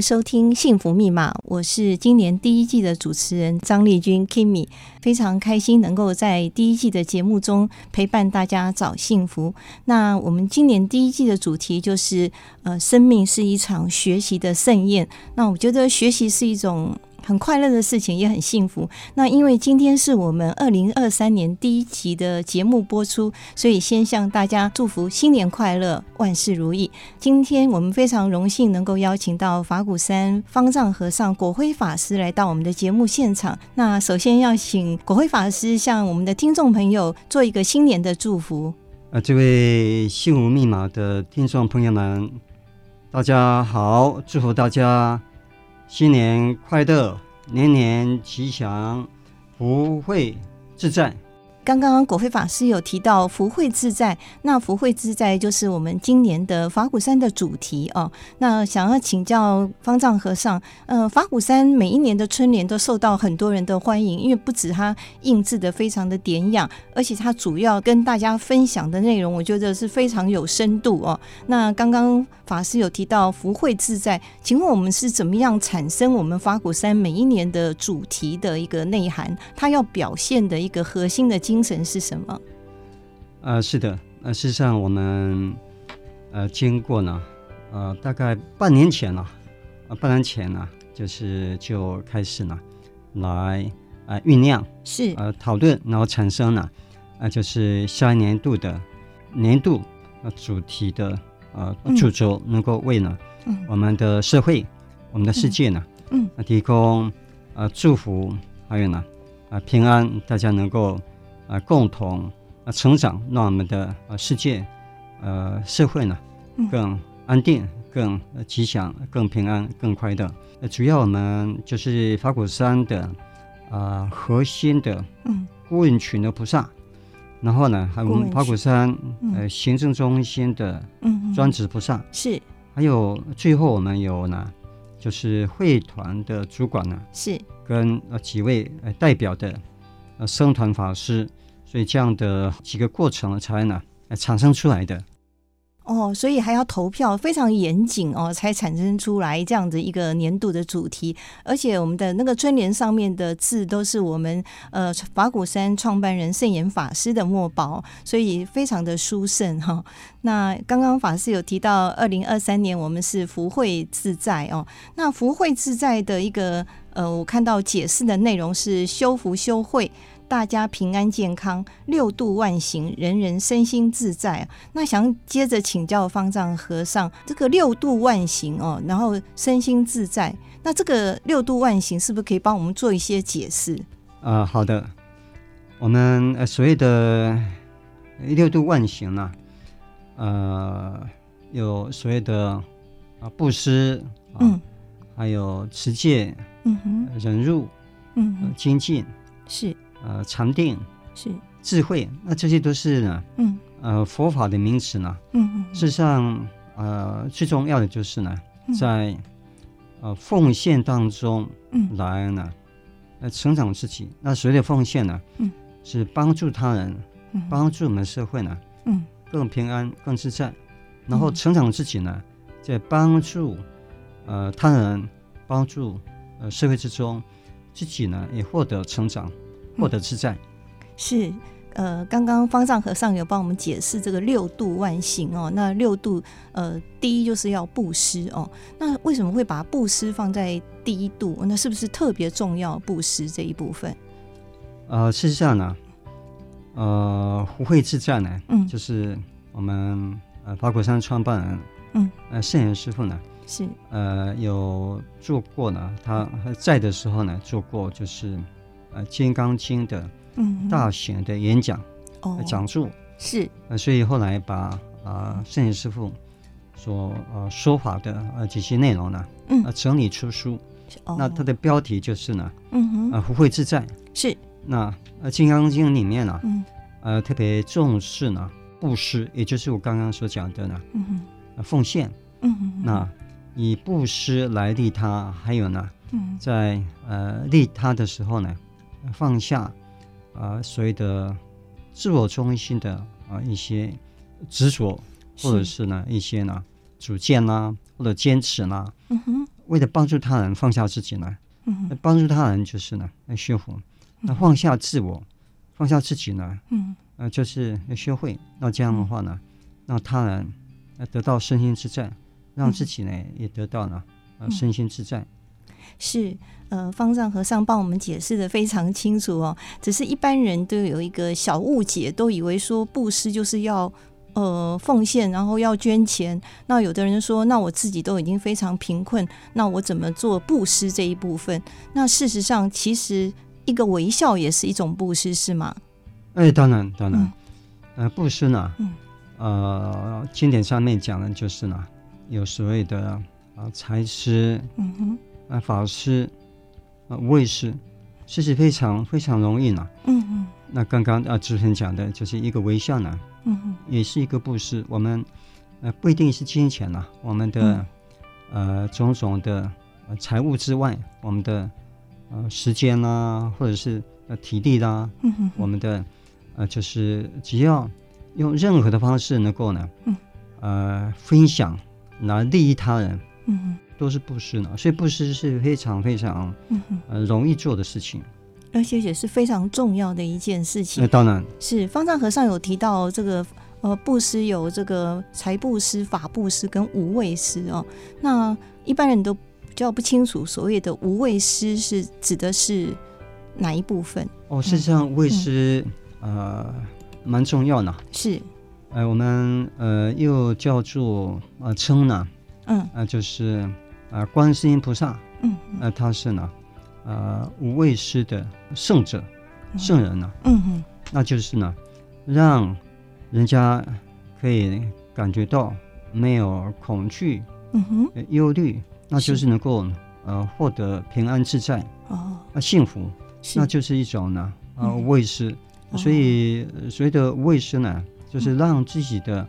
收聽《幸福密碼》，我是今年第一季的主持人張麗君 Kimi，非常開心能夠在第一季的節目中陪伴大家找幸福。那我們今年第一季的主題就是，呃，生命是一場學習的盛宴。那我覺得學習是一種。很快樂的事情，也很幸福。那因為今天是我們二零二三年第一集的節目播出，所以先向大家祝福新年快樂，萬事如意。今天我們非常榮幸能夠邀請到法鼓山方丈和尚果暉法師來到我們的節目現場。那首先要請果暉法師向我們的聽眾朋友做一個新年的祝福。啊、呃，這位幸福密碼的聽眾朋友們，大家好，祝福大家，新年快樂，年年吉祥，福慧自在。剛剛果暉法師有提到福慧自在，那福慧自在就是我們今年的法鼓山的主題哦。那想要請教方丈和尚，呃，法鼓山每一年的春聯都受到很多人的歡迎，因為不止它印製的非常的典雅，而且它主要跟大家分享的內容，我覺得是非常有深度哦。那剛剛法師有提到福慧自在，請問我們是怎麼樣產生我們法鼓山每一年的主題的一個內涵？它要表現的一個核心的經驗。精神是什麼？啊、呃，是的，呃，事實上，我們呃，經過呢，呃，大概半年前了，啊、呃，半年前呢，就是就開始呢，來呃醞釀，是呃討論，然後產生了那、呃、就是下一年度的年度呃主題的呃著作、嗯、能夠為呢、嗯、我們的社會、我們的世界呢，嗯，嗯提供呃祝福，還有呢，啊、呃，平安，大家能夠。啊、呃，共同啊、呃、成長，讓我們的啊、呃、世界，呃，社會呢、嗯、更安定、更、呃、吉祥、更平安、更快樂。呃、主要我們就是法鼓山的啊、呃、核心的嗯，顧問群的菩薩、嗯，然後呢，還有我們法鼓山、嗯、呃行政中心的嗯專職菩薩，嗯、是，還有最後我們有呢，就是會團的主管呢，是跟、呃、幾位呃代表的、呃、僧團法師。所以這樣的幾個過程才呢產生出來的哦，所以還要投票，非常嚴謹哦，才產生出來這樣的一個年度的主題。而且我們的那個春聯上面的字都是我們呃法鼓山創辦人聖嚴法師的墨寶，所以非常的殊勝哈、哦。那剛剛法師有提到，二零二三年我們是福慧自在哦。那福慧自在的一個呃，我看到解釋的內容是修福修慧。大家平安健康，六度萬行，人人身心自在。那想接着請教方丈和尚，這個六度萬行哦，然後身心自在，那這個六度萬行是不是可以幫我們做一些解釋？呃，好的，我們所謂的六度萬行呢，啊，呃，有所謂的啊，布施，嗯，還有持戒，嗯哼，忍辱，嗯，精進，是。呃，禪定是智慧是，那這些都是呢，嗯，呃，佛法的名詞呢，嗯，嗯，嗯，事實上，呃，最重要的就是呢，嗯、在呃奉獻當中，嗯，來呢，呃、嗯，成長自己。那所謂的奉獻呢，嗯，是幫助他人，幫、嗯嗯、助我們社會呢，嗯，嗯，更平安，更自在。然後成長自己呢，在幫助呃他人，幫助呃社會之中，自己呢也獲得成長。獲、嗯、得是呃，剛剛方丈和尚有幫我們解釋這個六度萬行哦。那六度呃，第一就是要布施哦。那為什麼會把布施放在第一度？那是不是特別重要？布施這一部分？呃，是這樣的。呃，胡慧智丈呢，嗯，就是我們呃法鼓山創辦人，嗯，呃聖嚴師傅呢，是呃有做過呢。他在的時候呢，做過就是。呃，《金剛經》的大型的演講，講、哦、嗯，講、oh, 座、呃，是，呃，所以後來把啊，聖、呃、嚴師父所呃說法的呃這些內容呢，嗯，整、呃、理出書，是 oh, 那它的標題就是呢，嗯哼，啊、呃，福慧自在是。那呃，《金剛經》裡面呢、啊，嗯，呃，特別重視呢，布施，也就是我剛剛所講的呢，嗯哼，呃、奉獻，嗯哼，那以布施來利他，還有呢，嗯，在呃利他的時候呢。放下，啊、呃，所謂的自我中心的啊、呃、一些執着，或者是呢一些呢主見吶、啊，或者堅持吶、啊。嗯哼。為了幫助他人放下自己呢，嗯哼，幫助他人就是呢，要修福，那、嗯、放下自我，放下自己呢，嗯、呃，就是要修慧，那這樣的話呢，讓他人得到身心自在，讓自己呢、嗯、也得到呢啊、呃、身心自在。嗯是，呃，方丈和尚幫我們解釋得非常清楚哦。只是一般人都有一個小誤解，都以為說布施就是要呃奉獻，然後要捐錢。那有的人說，那我自己都已經非常貧困，那我怎麼做布施這一部分？那事實上，其實一個微笑也是一種布施，是嗎？哎、欸，當然，當然，嗯、呃，布施呢、嗯，呃，經典上面講的就是呢，有所謂的啊財施，嗯哼。啊，法師，啊、呃，無畏施，其實非常非常容易呢、啊。嗯嗯。那剛剛啊，之前講的就是一個微笑呢、啊，嗯，也是一個布施。我們呃不一定是金錢吶、啊，我們的、嗯、呃種種的財、呃、務之外，我們的呃時間啦、啊，或者是呃體力啦、啊，嗯哼，我們的呃就是只要用任何的方式能夠呢，嗯，呃分享來利益他人，嗯哼。都是布施呢，所以布施是非常非常、嗯、呃容易做的事情，而且也是非常重要的一件事情。那當然是方丈和尚有提到這個呃布施有這個財布施、法布施跟無畏施哦。那一般人都比較不清楚所謂的無畏施是指的是哪一部分哦。實際上，無畏、嗯、施、嗯、呃蠻重要呢、啊。是呃我們呃又叫做呃稱呢、呃，嗯那、呃、就是。啊、呃，觀世音菩薩，嗯、呃，那他是呢，呃，無畏師的聖者、嗯、聖人呢、啊，嗯哼，那就是呢，讓人家可以感覺到沒有恐懼，嗯哼，呃、憂慮，那就是能夠是呃獲得平安自在，哦，呃、幸福是，那就是一種呢，無、呃、畏師、嗯，所以，所以的無畏師呢，就是讓自己的、嗯。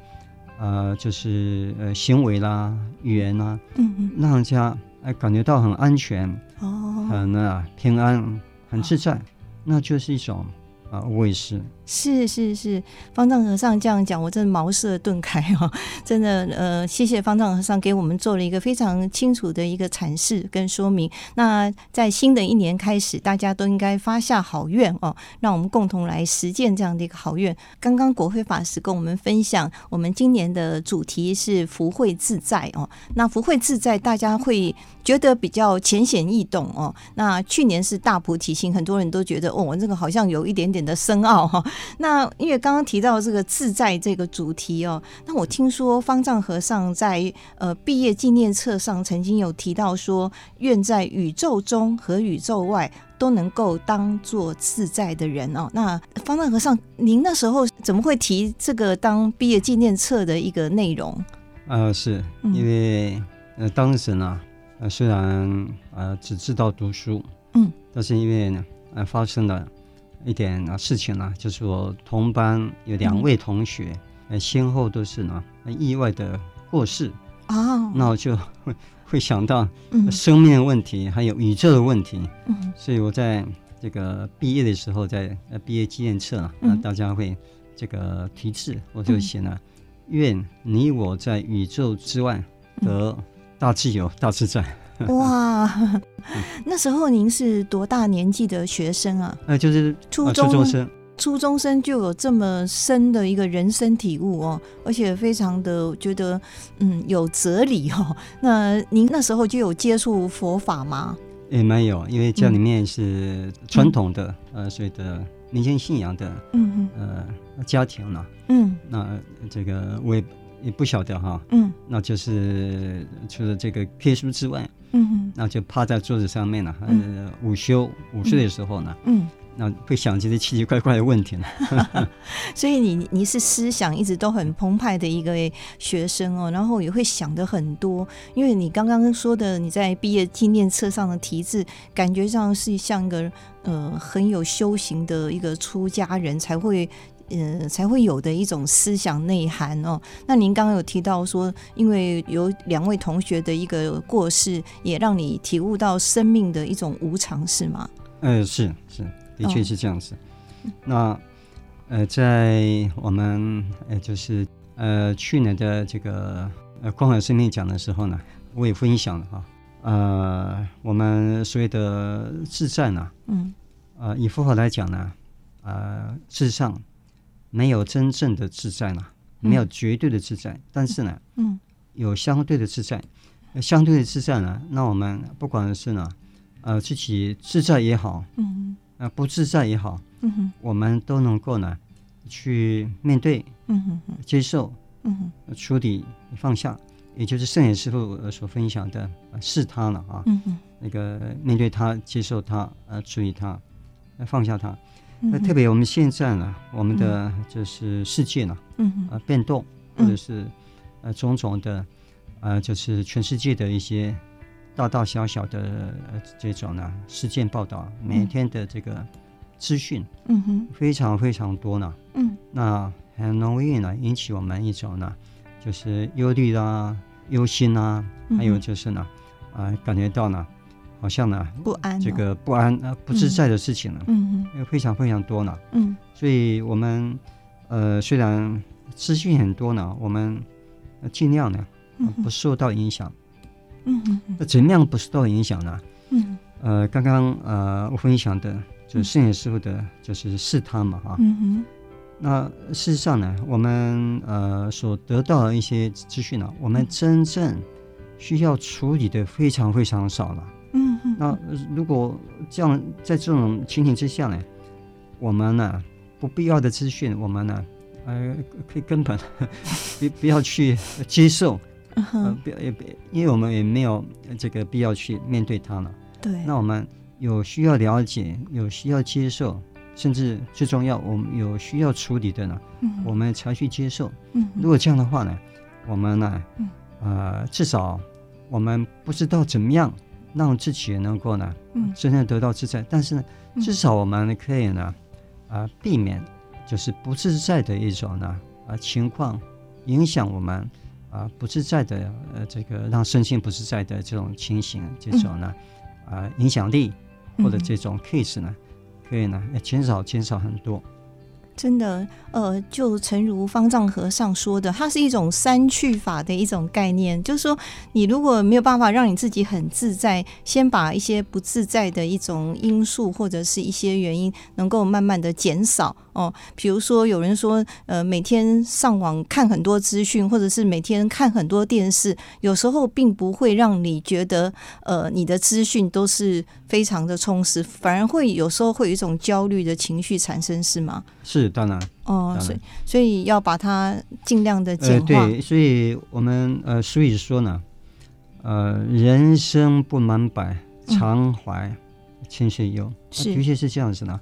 呃，就是呃，行為啦，語言啦、嗯、讓人家感覺到很安全哦，很那、呃、平安，很自在，那就是一種啊，無畏、呃、施。是是是，方丈和尚這樣講，我真的茅塞頓開哦。真的，呃，謝謝方丈和尚給我們做了一個非常清楚的一個闡釋跟說明。那在新的一年開始，大家都應該發下好願哦，讓我們共同來實踐這樣的一個好願。剛剛果暉法師跟我們分享，我們今年的主題是福慧自在哦。那福慧自在，大家會覺得比較淺顯易懂哦。那去年是大菩提心，很多人都覺得哦，我這個好像有一點點的深奧哈、哦。那因為剛剛提到這個自在這個主題哦，那我聽說方丈和尚在呃畢業紀念冊上曾經有提到說，願在宇宙中和宇宙外都能夠當做自在的人哦。那方丈和尚，您那時候怎麼會提這個當畢業紀念冊的一個內容？呃，是因為呃當時呢，呃雖然呃只知道讀書，嗯，但是因為呢，呃發生了。一點啊事情呢、啊，就是我同班有兩位同學，嗯、呃，先後都是呢意外的過世啊，那我就會想到生命的問題、嗯，還有宇宙的問題，嗯，所以我在這個畢業的時候在，在呃畢業紀念冊啊，嗯、大家會這個題字，我就寫了、嗯、願你我在宇宙之外得大自由，嗯、大自在。 哇，那時候您是多大年紀的學生啊？呃，就是初中，初中生，初中生就有這麼深的一個人生體悟哦，而且非常的覺得嗯有哲理哦。那您那時候就有接觸佛法嗎？也、欸、沒有，因為家裡面是傳統的、嗯、呃，所以的民間信仰的嗯呃家庭呢嗯，那這個也。也不曉得哈，嗯，那就是除了這個 K 書之外，嗯嗯，那就趴在桌子上面呢、啊。嗯、呃、午休午睡的時候呢嗯，嗯，那會想這些奇奇怪怪的問題呢， 所以你你是思想一直都很澎湃的一個學生哦，然後也會想的很多，因為你剛剛說的你在畢業紀念冊上的題字，感覺上是像一個呃很有修行的一個出家人才會。嗯、呃，才會有的一種思想內涵哦。那您剛剛有提到說，因為有兩位同學的一個過世，也讓你體悟到生命的一種無常，是嗎？嗯、呃，是是，的確是這樣子。哦、那呃，在我們呃就是呃去年的這個光華生命講的時候呢，我也分享了啊。呃，我們所謂的至善呢，嗯，呃，以佛法來講呢，呃，事實上。沒有真正的自在了，沒有絕對的自在、嗯，但是呢，嗯，有相對的自在、呃，相對的自在呢，那我們不管是呢，呃，自己自在也好，嗯，呃、不自在也好，嗯哼，我們都能夠呢去面對，嗯哼，接受，嗯、呃、哼，處理放下、嗯，也就是聖嚴師父所分享的是他了啊，嗯那個面對他，接受他，呃，處理他，放下他。那、嗯、特別我們現在呢，我們的就是世界呢，嗯，變動，或者是呃種種的，嗯、呃就是全世界的一些大大小小的這種呢事件報道，每天的這個資訊，嗯哼，非常非常多呢。嗯，嗯，那很容易呢引起我們一種呢，就是憂慮啦、憂心啦、啊，還有就是呢，啊、呃、感覺到呢。好像呢不安、哦，這個不安、不自在的事情呢，嗯、因為非常非常多呢。嗯，所以我們呃，雖然資訊很多呢，我們盡量呢、嗯、不受到影響。嗯，那盡量不受到影響呢。嗯，呃，剛剛呃，我分享的就是聖嚴師父的，就是四它嘛、啊，嗯哼。那事實上呢，我們呃所得到的一些資訊呢，我們真正需要處理的非常非常少了。嗯， 那如果這樣，在這種情形之下呢，我們呢、啊、不必要的資訊，我們呢、啊，呃，可以根本不不要去接受，不要也不，因為我們也沒有這個必要去面對它了。對，那我們有需要了解、有需要接受，甚至最重要，我們有需要處理的呢，我們才去接受。嗯， 如果這樣的話呢，我們呢、啊，呃，至少我們不知道怎麼樣。讓自己能夠呢，嗯，真正得到自在、嗯。但是呢，至少我們可以呢，啊、呃，避免就是不自在的一種呢，啊、呃，情況影響我們啊、呃，不自在的呃，這個讓身心不自在的這種情形，這種呢，啊、嗯呃，影響力或者這種 case 呢，嗯、可以呢，要減少減少很多。真的，呃，就誠如方丈和尚說的，它是一種刪去法的一種概念，就是說，你如果沒有辦法讓你自己很自在，先把一些不自在的一種因素或者是一些原因，能夠慢慢的減少。哦，比如說有人說，呃，每天上網看很多資訊，或者是每天看很多電視，有時候並不會讓你覺得，呃，你的資訊都是非常的充實，反而會有時候會有一種焦慮的情緒產生，是嗎？是，當然。哦，所以所以要把它盡量的簡化、呃。對，所以我們呃，所以說呢，呃，人生不滿百，常懷、嗯、千歲憂、啊、是，的確是這樣子呢。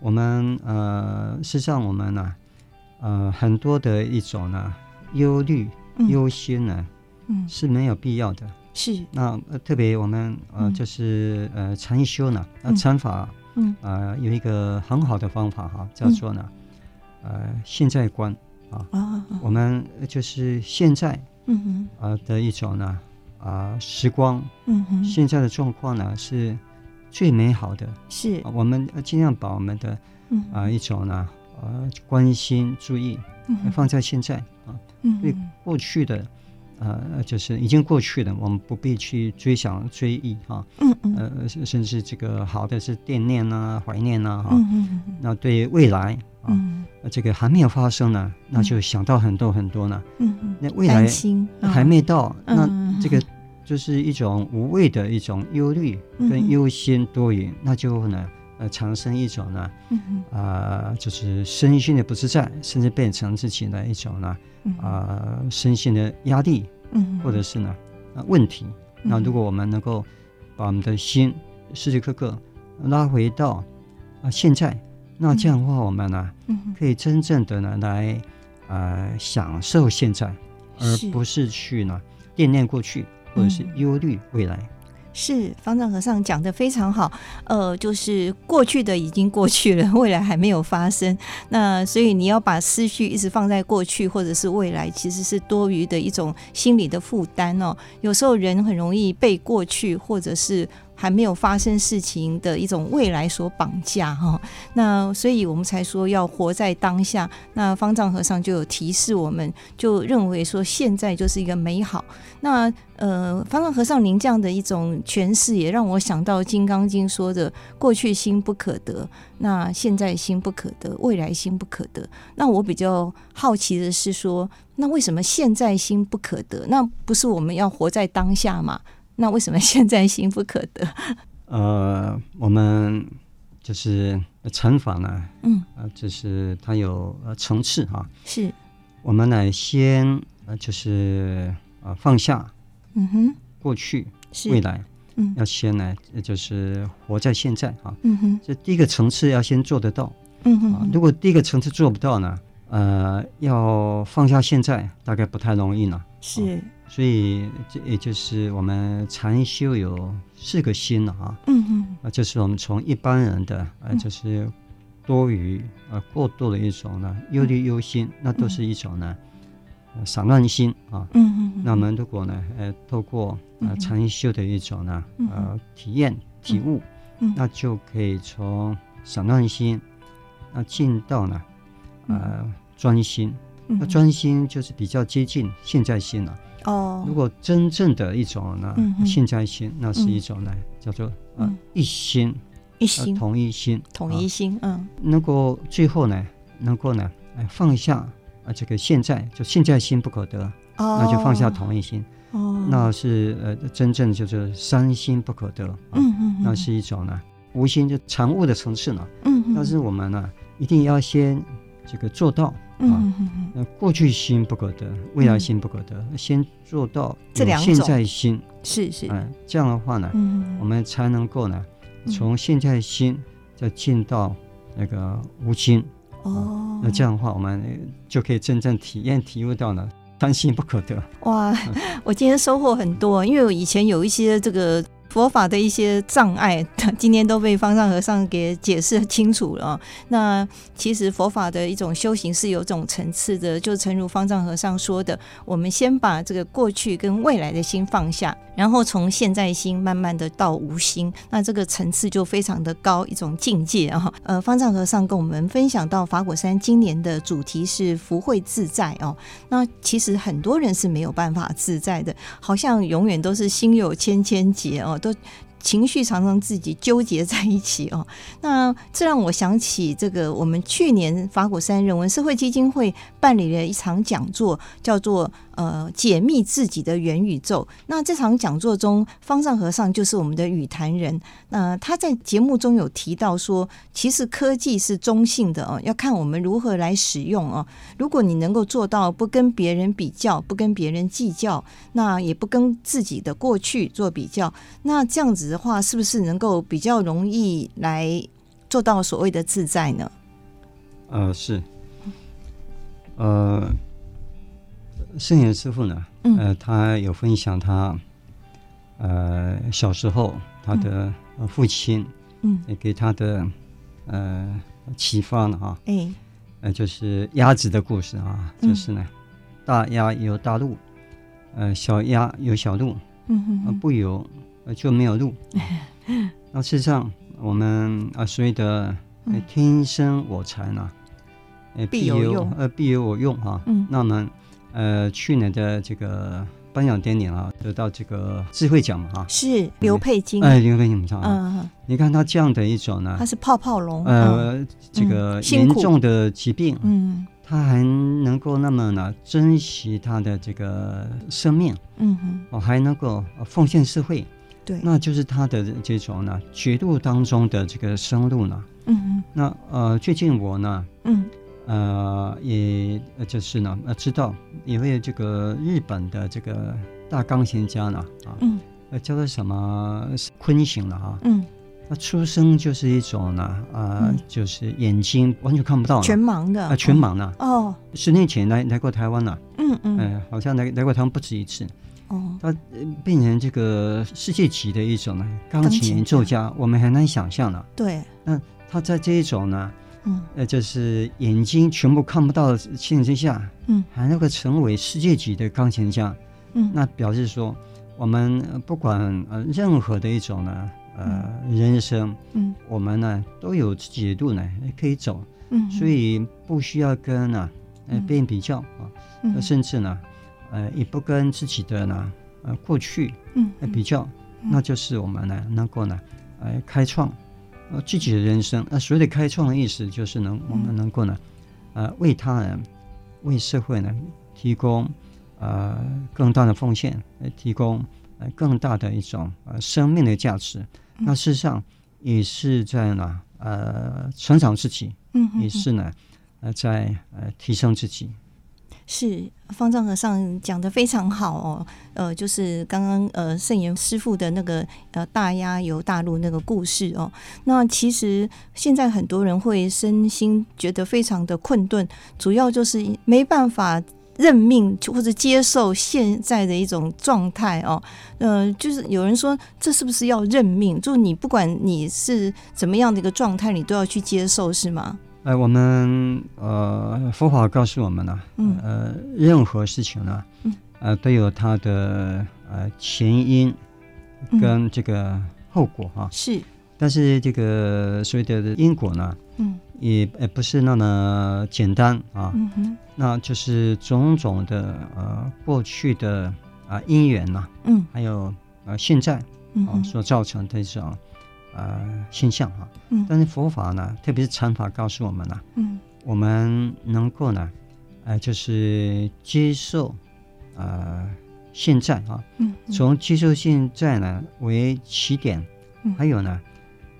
我們呃，實際上我們呢、啊，呃，很多的一種呢憂慮、憂心呢，嗯，是沒有必要的。是。那、呃、特別我們呃、嗯，就是呃禪修呢，呃，禪法，嗯啊、嗯呃，有一個很好的方法哈，叫做呢，嗯、呃現在觀啊、哦。我們就是現在，嗯啊、呃、的一種呢啊、呃、時光，嗯哼，現在的狀況呢是。最美好的是、啊、我們盡量把我們的啊、嗯呃、一種呢呃關心注意、嗯、放在現在啊、嗯，對過去的呃就是已經過去的，我們不必去追想追憶哈、啊，嗯嗯，呃甚至這個好的是惦念吶懷念吶、啊、哈、啊啊嗯，那對未來啊、嗯、啊這個還沒有發生呢、嗯，那就想到很多很多呢，嗯嗯，那未來還沒到，嗯、那這個。嗯就是一種無謂的一種憂慮跟憂心多餘、嗯，那就呢呃產生一種呢啊、嗯呃、就是身心的不自在，甚至變成自己的一種呢啊、嗯呃、身心的壓力，嗯、或者是呢、呃、問題、嗯。那如果我們能夠把我們的心時時刻刻拉回到啊、呃、現在，那這樣的話我們呢、嗯、可以真正的呢來啊、呃、享受現在，而不是去呢惦念過去。或者是憂慮未來，是方丈和尚講得非常好。呃，就是過去的已經過去了，未來還沒有發生。那所以你要把思緒一直放在過去或者是未來，其實是多餘的一種心理的負擔哦。有時候人很容易被過去或者是，還沒有發生事情的一種未來所綁架哈，那所以我們才說要活在當下。那方丈和尚就有提示我們，就認為說現在就是一個美好。那呃，方丈和尚您這樣的一種詮釋，也讓我想到《金剛經》說的“過去心不可得”，那“現在心不可得”，未來心不可得。那我比較好奇的是說，那為什麼現在心不可得？那不是我們要活在當下嗎？那為什麼現在心不可得？呃，我們就是禪法呢，嗯，啊、呃，就是它有層次啊，是。我們來先，呃、就是啊放下，嗯哼，過去、未來，嗯，要先來就是活在現在啊，嗯哼，這第一個層次要先做得到，嗯哼，哼、啊，如果第一個層次做不到呢？呃，要放下現在，大概不太容易了。是、哦，所以這也就是我們禪修有四個心了、啊、哈。嗯嗯。啊、呃，就是我們從一般人的啊、呃，就是多餘啊、呃、過度的一種呢憂慮憂心、嗯，那都是一種呢、呃、散亂心啊。嗯嗯。那我們如果呢呃，透過啊、呃、禪修的一種呢、嗯、呃體驗體悟，嗯，那就可以從散亂心那、呃、進到呢。呃，專心，那專心就是比較接近現在心了、啊。哦，如果真正的一種呢，嗯、現在心那是一種呢，嗯、叫做啊、嗯、一心，呃、一心，統一心、啊，統一心，嗯，能夠最後呢，能夠呢，哎放下啊這個現在，就現在心不可得，哦、那就放下統一心，哦，那是呃真正就是三心不可得，啊、嗯嗯，那是一種呢無心就常務的層次呢，嗯，但是我們呢一定要先。這個做到、啊、嗯，那、嗯、過去心不可得，未來心不可得，嗯、先做到有現在心，啊、是是，嗯，這樣的話呢、嗯，我們才能夠呢，從現在心再進到那個無心，哦、嗯啊，那這樣的話，我們就可以真正體驗、體悟到呢，三心不可得。哇，我今天收穫很多，嗯、因為我以前有一些這個。佛法的一些障礙，今天都被方丈和尚給解釋清楚了哦。那其實佛法的一種修行是有種層次的，就誠如方丈和尚說的，我們先把這個過去跟未來的心放下，然後從現在心慢慢的到無心，那這個層次就非常的高，一種境界啊哦。呃，方丈和尚跟我們分享到，法鼓山今年的主題是福慧自在哦，那其實很多人是沒有辦法自在的，好像永遠都是心有千千結哦。都情緒常常自己糾結在一起哦，那這讓我想起這個我們去年法鼓山人文社會基金會辦理了一場講座，叫做。呃，解密自己的元宇宙。那這場講座中，方丈和尚就是我們的與談人。那、呃、他在節目中有提到說，其實科技是中性的哦、呃，要看我們如何來使用哦、呃。如果你能夠做到不跟別人比較，不跟別人計較，那也不跟自己的過去做比較，那這樣子的話，是不是能夠比較容易來做到所謂的自在呢？呃，是，呃。聖嚴師父呢、嗯？呃，他有分享他呃小時候他的父親嗯，嗯、呃、給他的呃啟發啊，哎，呃，、欸、呃就是鴨子的故事啊，嗯、就是呢大鴨有大路，呃小鴨有小路、呃，嗯哼哼、呃，不游、呃、就沒有路。 那事實上我們啊、呃、所謂的、呃、天生我材呢，嗯呃、必有用，呃必有我用啊，嗯、那麼呃，去年的這個頒獎典禮啊，得到這個智慧獎嘛、啊，哈，是劉佩金，哎、呃，劉佩金，你知道嗎？嗯，你看他這樣的，一種呢，他是泡泡龍，呃、嗯，這個嚴重的疾病，嗯，他還能夠那麼呢，珍惜他的這個生命，嗯哼，我還能夠奉獻社會，對，那就是他的這種呢，絕路當中的這個生路呢，嗯哼，那呃，最近我呢，嗯。呃，也就是呢，呃，知道，因為這個日本的這個大鋼琴家呢，啊，嗯，呃，叫做什麼昆行了啊，嗯，他出生就是一種呢，呃，嗯、就是眼睛完全看不到，全盲的，啊、呃，全盲的。哦，十年前來來過台灣了，嗯嗯、呃，好像來來過台灣不止一次，哦，他變成這個世界級的一種呢，鋼琴演奏家，我們很難想象的，對，那他在這一種呢，嗯，那、呃、就是眼睛全部看不到的情景之下，嗯，還能夠成為世界級的鋼琴家，嗯，嗯，那表示說，我們不管呃任何的一種呢，呃，嗯、人生，嗯，我們呢都有自己的路呢可以走，嗯，所以不需要跟啊呃別人比較，嗯嗯、啊，甚至呢，呃，也不跟自己的呢呃過去嗯比較嗯嗯，那就是我們呢能夠呢呃，開創。呃，自己的人生，那所謂的開創的意識，就是能我們、嗯、能夠呢，呃，為他人、為社會呢，提供呃更大的奉獻，來提供呃更大的一種呃生命的價值、嗯。那事實上也是在呢，呃，成長自己，也是呢，在呃，呃提升自己。嗯哼哼呃呃是方丈和尚講的非常好哦，呃，就是剛剛呃聖嚴師父的那個呃大鴨游大陸那個故事哦，那其實現在很多人會身心覺得非常的困頓，主要就是沒辦法認命或者接受現在的一種狀態哦，呃，就是有人說這是不是要認命，就你不管你是怎麼樣的一個狀態，你都要去接受是嗎？呃，我們呃，佛法告訴我們呢、啊嗯，呃，任何事情呢、啊嗯，呃，都有它的呃前因跟這個後果啊。是、嗯。但是這個所謂的因果呢，嗯，也不是那麼簡單啊。嗯，那就是種種的呃過去的啊、呃、因緣吶、啊，嗯，還有呃現在啊所造成的一種、嗯。呃，現象哈，嗯，但是佛法呢，嗯、特別是禪法告訴我們呢、啊，嗯，我們能夠呢，呃，就是接受，呃，現在啊，嗯，從接受現在呢為起點、嗯，還有呢，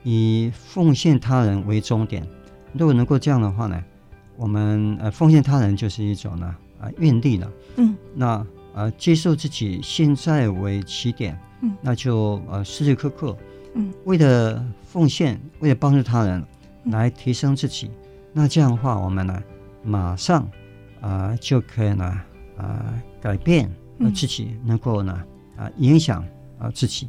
以奉獻他人為終點。如果能夠這樣的話呢，我們呃，奉獻他人就是一種呢，啊、呃，願力了，嗯，那呃，接受自己現在為起點，嗯，那就呃，時時刻刻。為了奉獻，為了幫助他人，來提升自己，嗯，那這樣的話，我們呢，馬上啊、呃、就可以呢啊、呃、改變自己，能夠呢啊、呃、影響啊自己。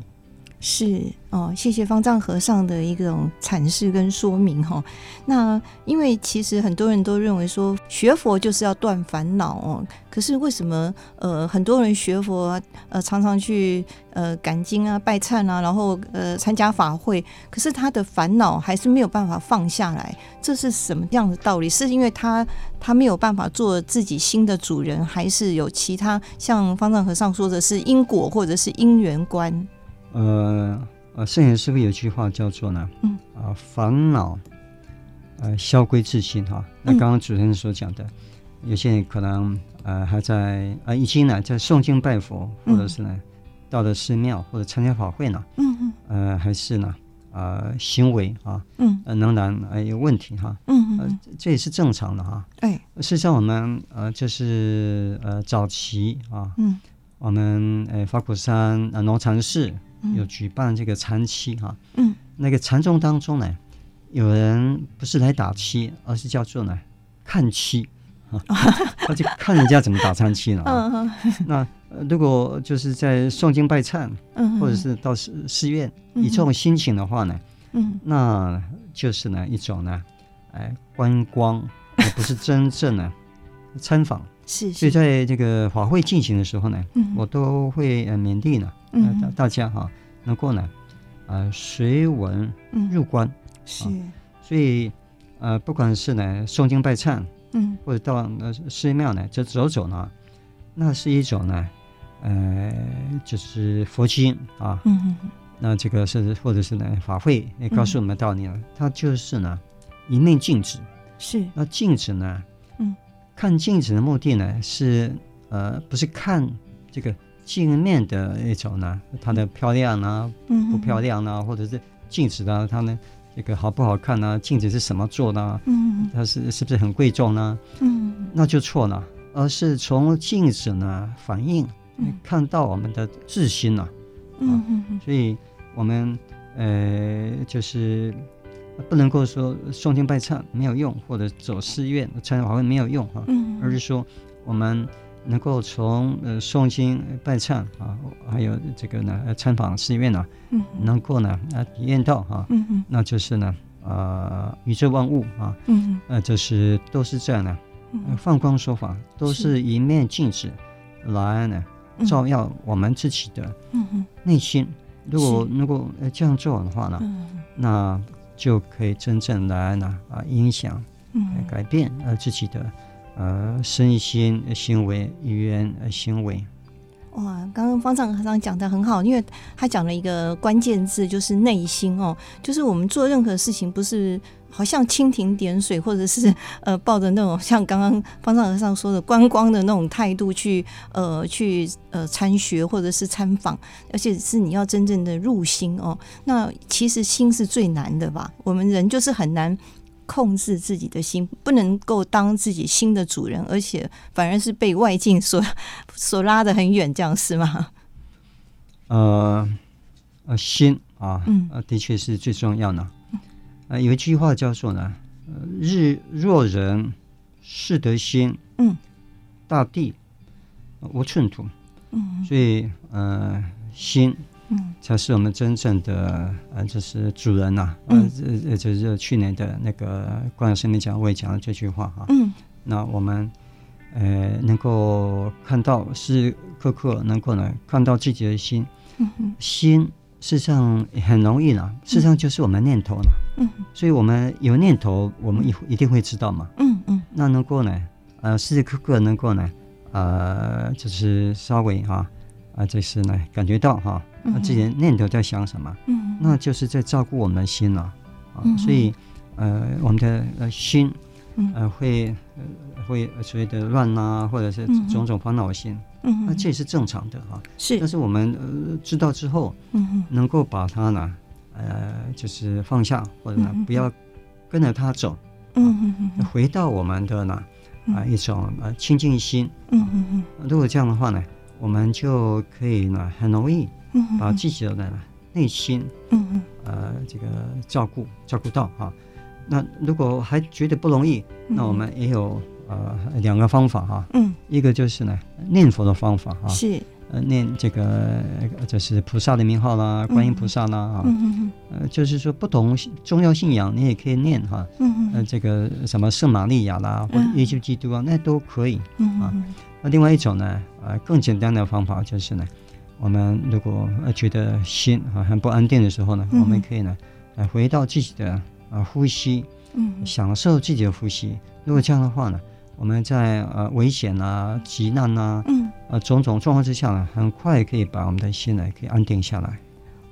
是哦，謝謝方丈和尚的一種闡釋跟說明哈、哦。那因為其實很多人都認為說學佛就是要斷煩惱哦。可是為什麼呃很多人學佛呃常常去呃誦經啊、拜懺啊，然後呃參加法會，可是他的煩惱還是沒有辦法放下來？這是什麼樣的道理？是因為他他沒有辦法做自己心的主人，還是有其他像方丈和尚說的是因果，或者是因緣觀？呃呃，聖、呃、嚴師父有句話叫做呢，啊、嗯，煩、呃、惱，呃，消歸自性哈。那剛剛主持人所講的，嗯、有些人可能呃還在啊，一、呃、心呢在誦經拜佛，或者是呢、嗯、到了寺廟或者參加法會呢，嗯嗯，呃，還是呢啊、呃、行為啊，嗯，仍然啊、呃、有問題哈，嗯、呃、嗯，這也是正常的哈。哎、嗯嗯，實際上我們呃就是呃早期啊、嗯，我們呃法鼓山呃，農禪寺。有舉辦這個禪七哈，嗯，啊、那個禪眾當中呢，有人不是來打七，而是叫做呢看七啊， 他就看人家怎麼打禪七了、啊哦哦。那、呃、如果就是在誦經拜懺，嗯，或者是到寺寺院、嗯、以這種心情的話呢，嗯，那就是呢一種呢，哎，觀光，嗯、而不是真正的參訪。 是，是。所以在這個法會進行的時候呢，嗯、我都會勉勵呢。嗯，大、呃、大家哈能夠呢，呃隨文入觀、嗯、是、啊，所以呃不管是呢誦經拜懺，嗯，或者到寺廟呢就走走呢，那是一種呢，呃就是佛經啊，嗯嗯，那這個是或者是呢法會，也告訴我們道理了、嗯，它就是呢一面鏡子，是，那鏡子呢，嗯，看鏡子的目的呢是呃不是看這個。鏡面的一種呢？它的漂亮啊，不漂亮啊，嗯、或者是鏡子啊，它呢這個好不好看啊？鏡子是什麼做的啊、嗯？它是是不是很貴重呢、啊？嗯，那就錯了。而是從鏡子呢，反應、嗯，看到我們的自心呢、啊。嗯、啊、所以我們呃，就是不能夠說誦經拜懺沒有用，或者走寺院參會沒有用哈、啊。嗯。而是說我們。能夠從呃誦經拜懺啊，還有這個呢參訪寺院呢、啊，嗯，能夠呢啊、呃、體驗到哈、啊，嗯嗯，那就是呢呃，宇宙萬物啊，嗯嗯，那、呃、就是都是這樣的、嗯，放光說法都是一面鏡子，來呢照耀我們自己的內心。嗯、哼如果如果這樣做的話呢、嗯哼，那就可以真正來呢啊影響、嗯、改變呃自己的。呃，身心行為、語言、行為。哇，剛剛方丈和尚講得很好，因為他講了一個關鍵字，就是內心哦，就是我們做任何事情，不是好像蜻蜓點水，或者是呃抱着那種像剛剛方丈和尚說的觀光的那種態度去呃去呃參學或者是參訪，而且是你要真正的入心哦。那其實心是最難的吧？我們人就是很難。控制自己的心，不能夠當自己心的主人，而且反而是被外境所所拉得很遠，這樣是嗎？呃呃，心啊，嗯，啊、的確是最重要的、呃。有一句話叫做呢，“日若人識得心，嗯，大地、呃、無寸土。”嗯，所以呃，心。嗯，才是我們真正的呃，就是主人吶、啊。嗯，這、呃、就是去年的那個冠老師，你講我也講了這句話哈。嗯，那我們呃，能夠看到時時刻刻能夠呢，看到自己的心。嗯嗯，心事實上很容易呢，事實上就是我們念頭呢。嗯，所以我們有念頭，我們一一定會知道嘛。嗯嗯，那能夠呢，呃，時時刻刻能夠呢，呃，就是稍微哈、啊，啊、呃，就是呢，感覺到哈。那這些念頭在想什麼？嗯，那就是在照顧我們的心了啊、嗯、啊。所以，呃，我們的心，嗯、呃，會，會、呃、所謂的亂啦、啊，或者是種種煩惱心。嗯，那這也是正常的哈、啊。是。但是我們知道之後，嗯、能夠把它呢，呃，就是放下，或者呢，不要跟着它走。嗯嗯嗯、啊。回到我們的呢、嗯、啊一種啊清淨心。嗯嗯嗯、啊。如果這樣的話呢，我們就可以呢很容易。把自己的呢，內心，嗯，呃，這個照顧照顧到哈、啊。那如果還覺得不容易，嗯、那我們也有呃兩個方法哈、啊。嗯，一個就是呢，念佛的方法哈、啊。是。呃，念這個就是菩薩的名號啦，嗯、觀音菩薩啦啊。嗯嗯嗯、呃。就是說不同宗教信仰，你也可以念哈、啊。嗯嗯、呃。這個什麼聖瑪利亞啦，或者耶穌基督啊、嗯，那都可以。嗯啊。那另外一種呢，呃，更簡單的方法就是呢。我們如果呃覺得心啊很不安定的時候呢，嗯、我們可以呢來回到自己的啊呼吸，嗯，享受自己的呼吸。如果這樣的話呢，我們在呃危險吶、啊、急難吶、啊，嗯，呃、啊、種種狀況之下呢，很快可以把我們的心呢，可以安定下來。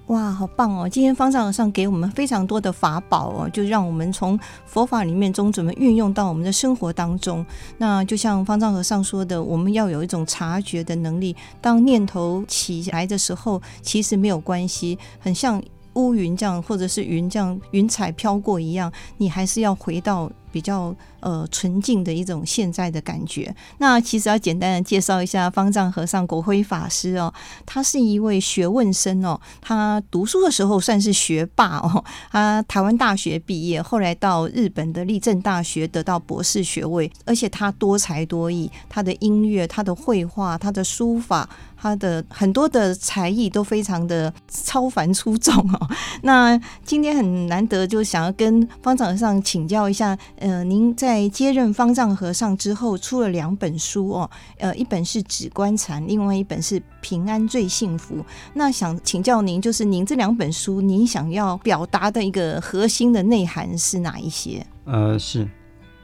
哇，好棒哦！今天方丈和尚給我們非常多的法寶哦，就讓我們從佛法裡面中怎麼運用到我們的生活當中。那就像方丈和尚說的，我們要有一種察覺的能力，當念頭起來的時候，其實沒有關係，很像烏雲這樣，或者是雲這樣，雲彩飄過一樣，你還是要回到。比較呃純淨的一種現在的感覺。那其實要簡單的介紹一下方丈和尚果暉法師哦，他是一位學問生哦，他讀書的時候算是學霸哦，他台灣大學畢業，後來到日本的立正大學得到博士學位，而且他多才多藝，他的音樂、他的繪畫、他的書法。他的很多的才藝都非常的超凡出眾哦。那今天很難得，就想要跟方丈和尚請教一下，呃，您在接任方丈和尚之後，出了兩本書哦，呃，一本是《止觀禪》，另外一本是《平安最幸福》。那想請教您，就是您這兩本書，您想要表達的一個核心的內涵是哪一些？呃，是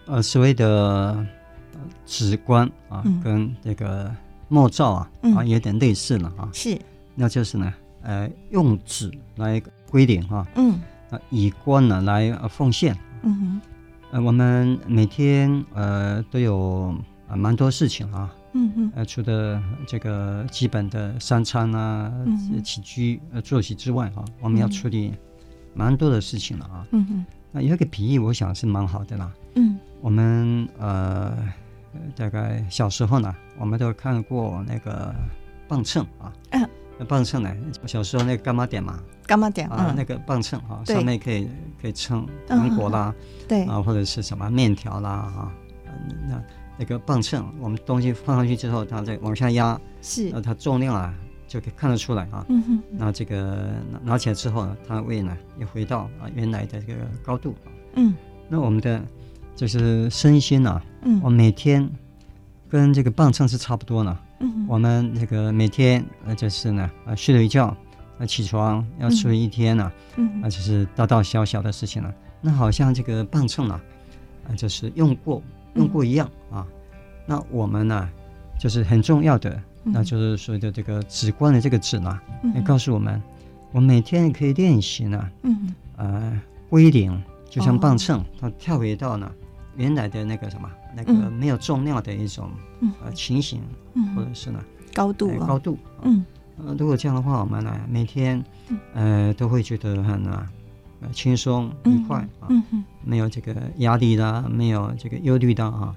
呃，所謂的止觀啊，嗯、跟那、這個。默照啊、嗯，啊，有點類似了啊，是，那就是呢，呃，用止來歸零啊，嗯，啊，以觀呢來奉獻，嗯哼，呃，我們每天呃都有啊蠻、呃、多事情啊，嗯哼，呃，除了這個基本的三餐啊、嗯、起居呃作息之外啊，我們要處理蠻多的事情了啊，嗯哼，那有一個比喻，我想是蠻好的啦，嗯，我們呃。大概小時候呢，我們都看過那個磅秤啊。嗯。那磅秤呢，小時候那個幹嘛點嘛？幹嘛點、嗯、啊？那個磅秤啊，上面可以可以稱糖果啦，嗯、對，啊或者是什麼麵條啦啊，那那個磅秤，我們東西放上去之後，它再往下壓，是，那它重量啊就可以看得出來啊。嗯哼嗯。那這個拿起來之後呢，它會呢也回到啊原來的這個高度。嗯。那我們的。就是身心吶、啊嗯，我每天跟這個磅秤是差不多呢，嗯、我們那個每天就是呢，啊、呃、睡了一覺，起床要睡一天吶、啊嗯，啊就是大大小小的事情呢、啊，那好像這個磅秤啊，啊、呃、就是用過用過一樣啊，嗯、那我們呢就是很重要的、嗯，那就是所謂的這個止觀的這個止呢，來、嗯、告訴我們，我每天也可以練習呢，嗯，呃歸零就像磅秤、哦、它跳回到呢。原來的那個什麼那個沒有重量的一種、嗯、呃情形、嗯，或者是呢高度、呃、高度、嗯、呃，如果這樣的話，我們呢每天嗯、呃、都會覺得很啊輕鬆愉快、嗯嗯、啊，沒有這個壓力的，沒有這個憂慮的啊。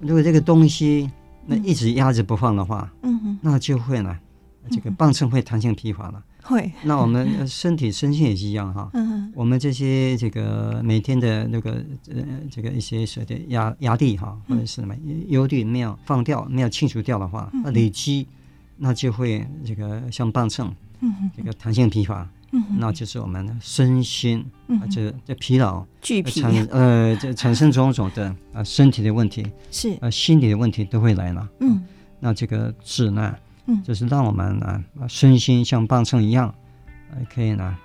如果這個東西那一直壓着不放的話，嗯、那就會呢這個半寸會彈性疲乏了。嗯會，那我們身體身心也是一樣哈。嗯、我們這些這個每天的那、這個呃這個一些所謂的壓壓力哈，嗯、或者是什麼憂慮沒有放掉、沒有清除掉的話，嗯、那累積那就會這個像磅秤，這個彈性疲乏，嗯、那就是我們的身心啊這這疲勞、巨、呃這產生種種的啊、呃、身體的問題是啊、呃、心理的問題都會來了。嗯，啊、那這個止呢，嗯，就是讓我們呢，身心像磅秤一樣，可以呢，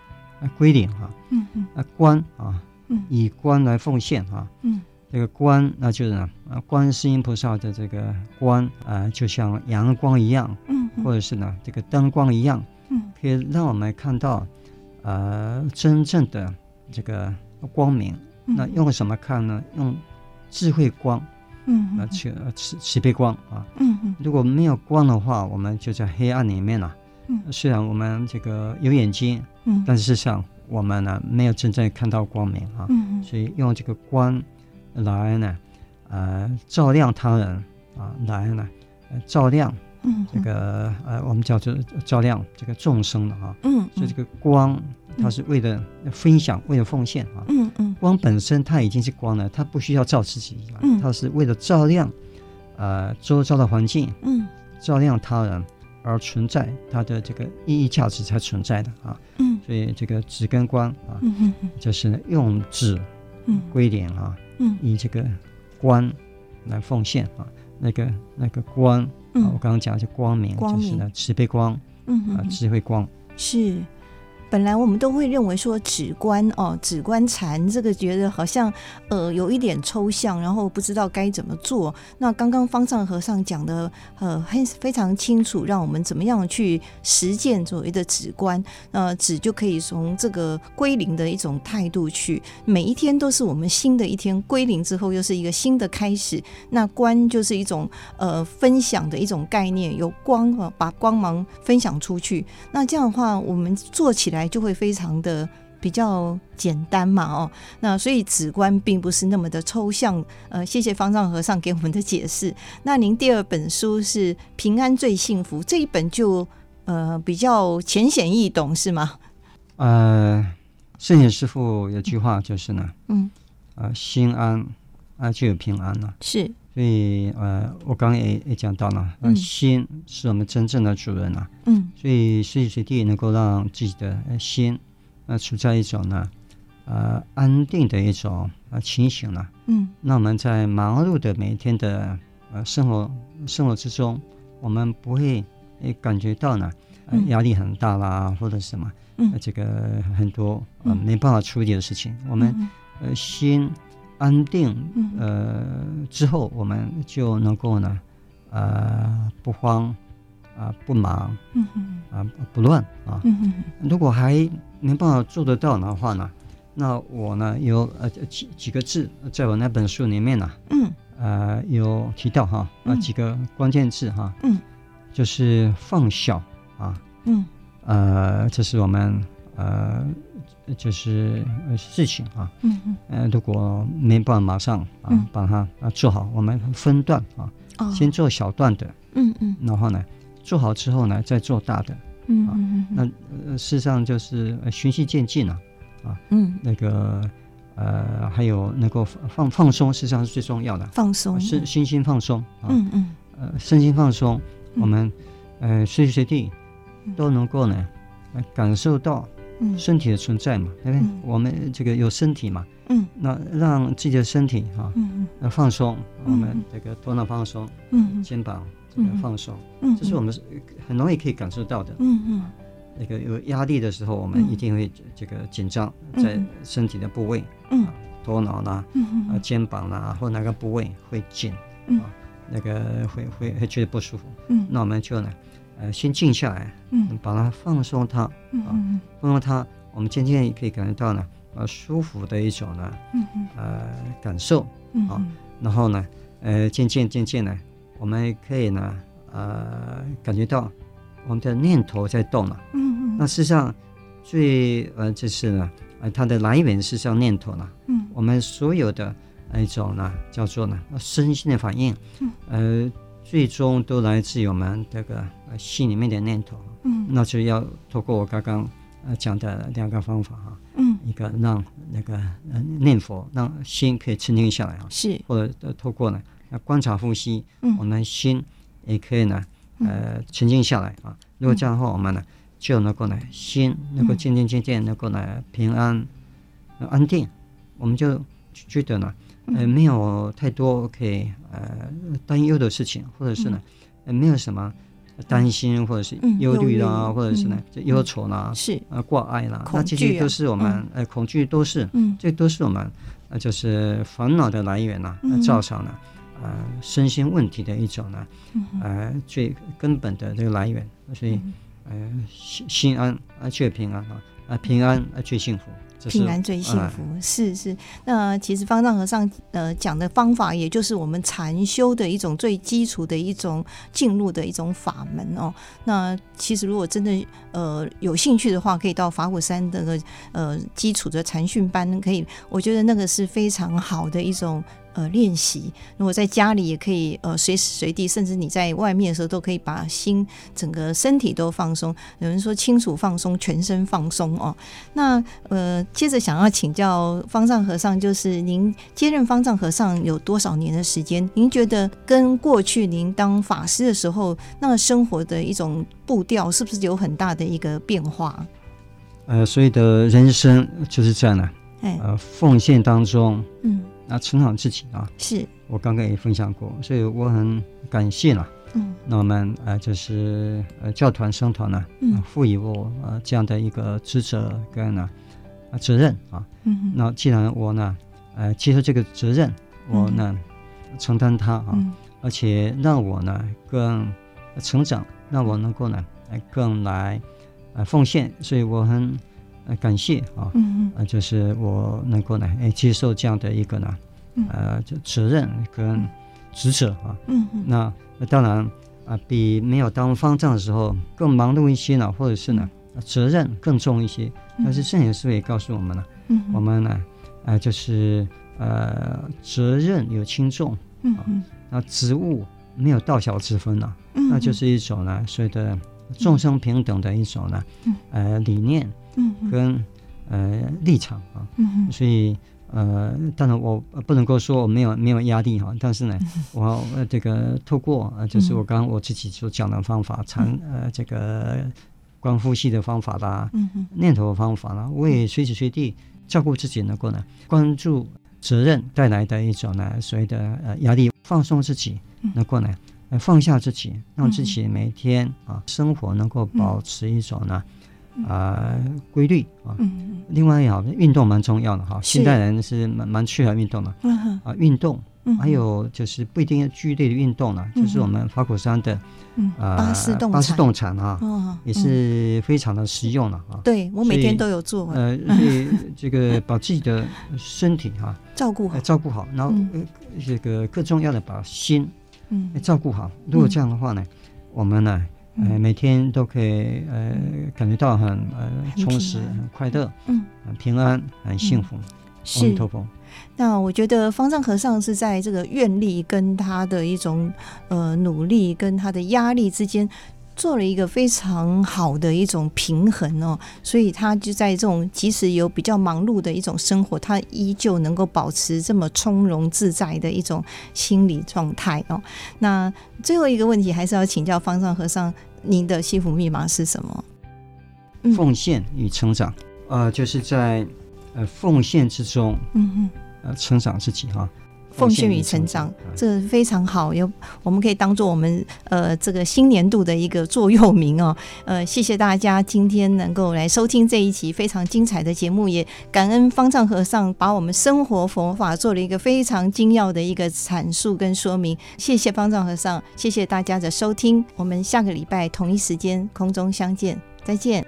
歸零哈，嗯嗯。啊，觀啊。嗯。以觀來奉獻哈、啊，嗯。這個觀，那就是呢，啊，觀世音菩薩的這個觀，啊、呃，就像陽光一樣。嗯，嗯或者是呢，這個燈光一樣。嗯。可以讓我們看到，呃，真正的這個光明。嗯、那用什麼看呢？用智慧光。嗯，慈慈慈悲光啊，嗯、呃、嗯，如果沒有光的話，我們就在黑暗裡面吶，嗯、呃，雖然我們這個有眼睛，嗯，但事實上我們呢，沒有真正看到光明啊，嗯，所以用這個光來呢，呃，照亮他人啊，來、呃、呢，照亮。嗯，這個呃，我們叫做照亮這個眾生的哈、啊，嗯，嗯，所以這個光，它是為了分享、嗯，為了奉獻啊，嗯嗯，光本身它已經是光了，它不需要照自己、啊嗯，它是為了照亮呃周遭的環境，嗯，照亮他人而存在，它的這個意義價值才存在的啊，嗯，所以這個跟光、啊“止”跟“光”啊，就是用“止、啊”嗯歸零啊，嗯，以這個“光”來奉獻啊，那個那個光。嗯、啊，我剛剛講的是光明，光明，就是呢，慈悲光，嗯、啊，智慧光，是。本來我們都會認為說止觀哦，止觀禪這個覺得好像呃有一點抽象，然後不知道該怎麼做。那剛剛方丈和尚講的呃很非常清楚，讓我們怎麼樣去實踐所謂的止觀。呃，止就可以從這個歸零的一種態度去，每一天都是我們新的一天，歸零之後又是一個新的開始。那觀就是一種呃分享的一種概念，有光把光芒分享出去。那這樣的話，我們做起來。就會非常的比較簡單嘛，哦，那所以止觀並不是那麼的抽象。呃，謝謝方丈和尚給我們的解釋。那您第二本書是《平安最幸福》，這一本就呃比較淺顯易懂，是嗎？呃，聖嚴師父有句話就是呢，嗯，啊、呃，心安那、啊、就有平安了，是。所以，呃，我剛剛也也講到了、呃嗯，心是我們真正的主人啊，嗯，所以隨時隨地能夠讓自己的心，呃，處在一種呢，呃，安定的一種啊、呃、情形了、啊，嗯，那我們在忙碌的每天的呃生活生活之中，我們不會誒感覺到呢、呃，壓力很大啦，嗯、或者什麼、嗯，這個很多嗯、呃、沒辦法處理的事情，嗯、我們、嗯、呃心。安定，呃，之後我們就能夠呢，呃，不慌，啊、呃，不忙，啊、呃，不亂，啊，如果還沒辦法做得到的話呢，那我呢有呃幾幾個字，在我那本書裡面呢，嗯、呃，有提到哈，那、啊、幾個關鍵字哈，嗯、啊，就是放小啊，嗯，呃，這是我們呃。就是事情啊，嗯嗯，呃，如果沒辦法馬上啊，嗯、把它啊做好，我們分段啊，哦、先做小段的，嗯嗯，然後呢，做好之後呢，再做大的，嗯、啊、嗯，那、呃、事實上就是循序漸進了，啊，嗯，那個呃，還有能夠放放放鬆，實際上是最重要的放鬆，身身心放鬆，嗯身心、啊、嗯，嗯，呃，身心放鬆、嗯，我們呃隨時隨地都能夠呢、嗯、感受到。身體的存在嘛，嗯、因為我們這個有身體嘛，嗯，那讓自己的身體哈、啊，嗯，放鬆，嗯、我們這個頭腦、腦放鬆，嗯，肩膀這個放鬆，嗯，嗯，這是我們很容易可以感受到的，嗯嗯，那、啊這個有壓力的時候，我們一定會這個緊張，嗯、在身體的部位，嗯，頭、啊、腦呢、啊，嗯嗯、啊，肩膀啦、啊、或哪個部位會緊，嗯，啊、那個會會會覺得不舒服，嗯，那我們就呢。呃，先靜下來，嗯，把它放鬆，它，嗯，啊、放鬆它，我們漸漸也可以感覺到呢，呃，舒服的一種呢，嗯嗯，呃，感受，嗯，嗯啊、然後呢，呃，漸漸漸漸呢，我們可以呢，呃，感覺到我們的念頭在動了，嗯嗯，那事實上最，最呃就是呢，呃，它的來源是像念頭了，嗯，我們所有的呃一種呢，叫做呢，身心的反應，嗯，呃，最終都來自我們這個。心裡面的念頭，嗯，那就要透過我剛剛呃講的兩個方法哈、啊，嗯，一個讓那個念佛讓心可以沉靜下來啊，是，或者透過呢，要觀察呼吸，嗯，我們心也可以呢、嗯、呃沉靜下來啊。如果這樣的話，我們呢就能夠呢心、嗯、能夠漸漸漸漸能夠呢平安、嗯呃、安定，我們就覺得呢、嗯、呃沒有太多可以呃擔憂的事情，或者是呢、嗯呃、沒有什麼。擔心或者是憂慮啊、嗯，或者是呢，憂、嗯、愁啦、啊嗯呃，是啊，掛礙啦，那這些都是我們、嗯、呃，恐懼都是，嗯、這都是我們呃，就是煩惱的來源吶、啊，造成了，呃，身心問題的一種呢、啊嗯，呃，最根本的這個來源，所以、嗯、呃，心心安，安卻平安啊。啊，平安啊，最幸福。平安最幸福、嗯，是是。那其實方丈和尚呃講的方法，也就是我們禪修的一種最基礎的一種進入的一種法門哦。那其實如果真的呃有興趣的話，可以到法鼓山那個呃基礎的禪訓班，可以，我覺得那個是非常好的一種。呃，練習。如果在家裡也可以，呃，隨時隨地，甚至你在外面的時候，都可以把心、整個身體都放鬆。有人說，清楚放鬆，全身放鬆哦。那呃，接着想要請教方丈和尚，就是您接任方丈和尚有多少年的時間？您覺得跟過去您當法師的時候，那個生活的一種步調，是不是有很大的一個變化？呃，所以的人生就是這樣的、啊哎，呃，奉獻當中，嗯。啊、呃，成長自己啊，是我剛剛也分享過，所以我很感謝啦。嗯，那我們呃，就是呃教團、僧團呢，賦、呃、予我呃這樣的一個職責跟呢啊、呃、責任啊。嗯，那既然我呢，呃，接受這個責任，我呢、嗯、承擔它啊、嗯，而且讓我呢更成長，讓我能夠呢來更來、呃、奉獻，所以我很。呃，感謝啊、嗯呃，就是我能夠呢誒，接受這樣的一個呢，嗯、呃，就責任跟職責啊。嗯嗯。那當然啊、呃，比沒有當方丈的時候更忙碌一些呢，或者是呢，嗯、責任更重一些。但是聖嚴師父也告訴我們了，嗯，我們呢，呃，就是呃，責任有輕重，啊、嗯那職務沒有大小之分呢、啊嗯，那就是一種呢，所謂的眾生平等的一種呢，嗯、呃，理念。嗯，跟呃立場啊，嗯，所以呃，當然我不能夠說我沒有沒有壓力哈、啊，但是呢，我這個透過啊，就是我剛，剛我自己所講的方法，禪、嗯、呃這個觀呼吸的方法啦，嗯嗯，念頭的方法啦，為隨時隨地照顧自己能夠呢，關注責任帶來的一種呢，所謂的呃壓力，放鬆自己那過呢放下自己、嗯，讓自己每天啊生活能夠保持一種呢。嗯啊、嗯呃，規律啊，嗯，另外也好，運動蠻重要的哈，現代人是蠻是蠻缺乏運動的、嗯，啊，運動、嗯，還有就是不一定要劇烈的運動了、啊嗯，就是我們法鼓山的，啊、嗯，八式動八式動禪、嗯、啊、哦嗯，也是非常的實用了啊，對我每天都有做，呃，所以這個把自己的身體哈、啊嗯、照顧好、嗯，照顧好，然後這個更重要的把心嗯照顧好，如果這樣的話呢，嗯、我們呢。呃、每天都可以呃感覺到很呃充實、很快樂、嗯、很平安、很幸福、阿彌陀佛。是。那我覺得方丈和尚是在這個願力跟他的一種呃努力跟他的壓力之間。做了一個非常好的一種平衡哦，所以他就在這種即使有比較忙碌的一種生活，他依舊能夠保持這麼從容自在的一種心理狀態哦。那最後一個問題，還是要請教方丈和尚，您的幸福密碼是什麼？奉獻與成長，嗯、呃，就是在呃奉獻之中，嗯哼，呃，成長自己哈。奉獻與成長，這個非常好，有我們可以當做我們呃這個新年度的一個座右銘哦。呃，謝謝大家今天能夠來收聽這一期非常精彩的節目，也感恩方丈和尚把我們生活佛法做了一個非常精要的一個闡述跟說明。謝謝方丈和尚，謝謝大家的收聽，我們下個禮拜同一時間空中相見，再見。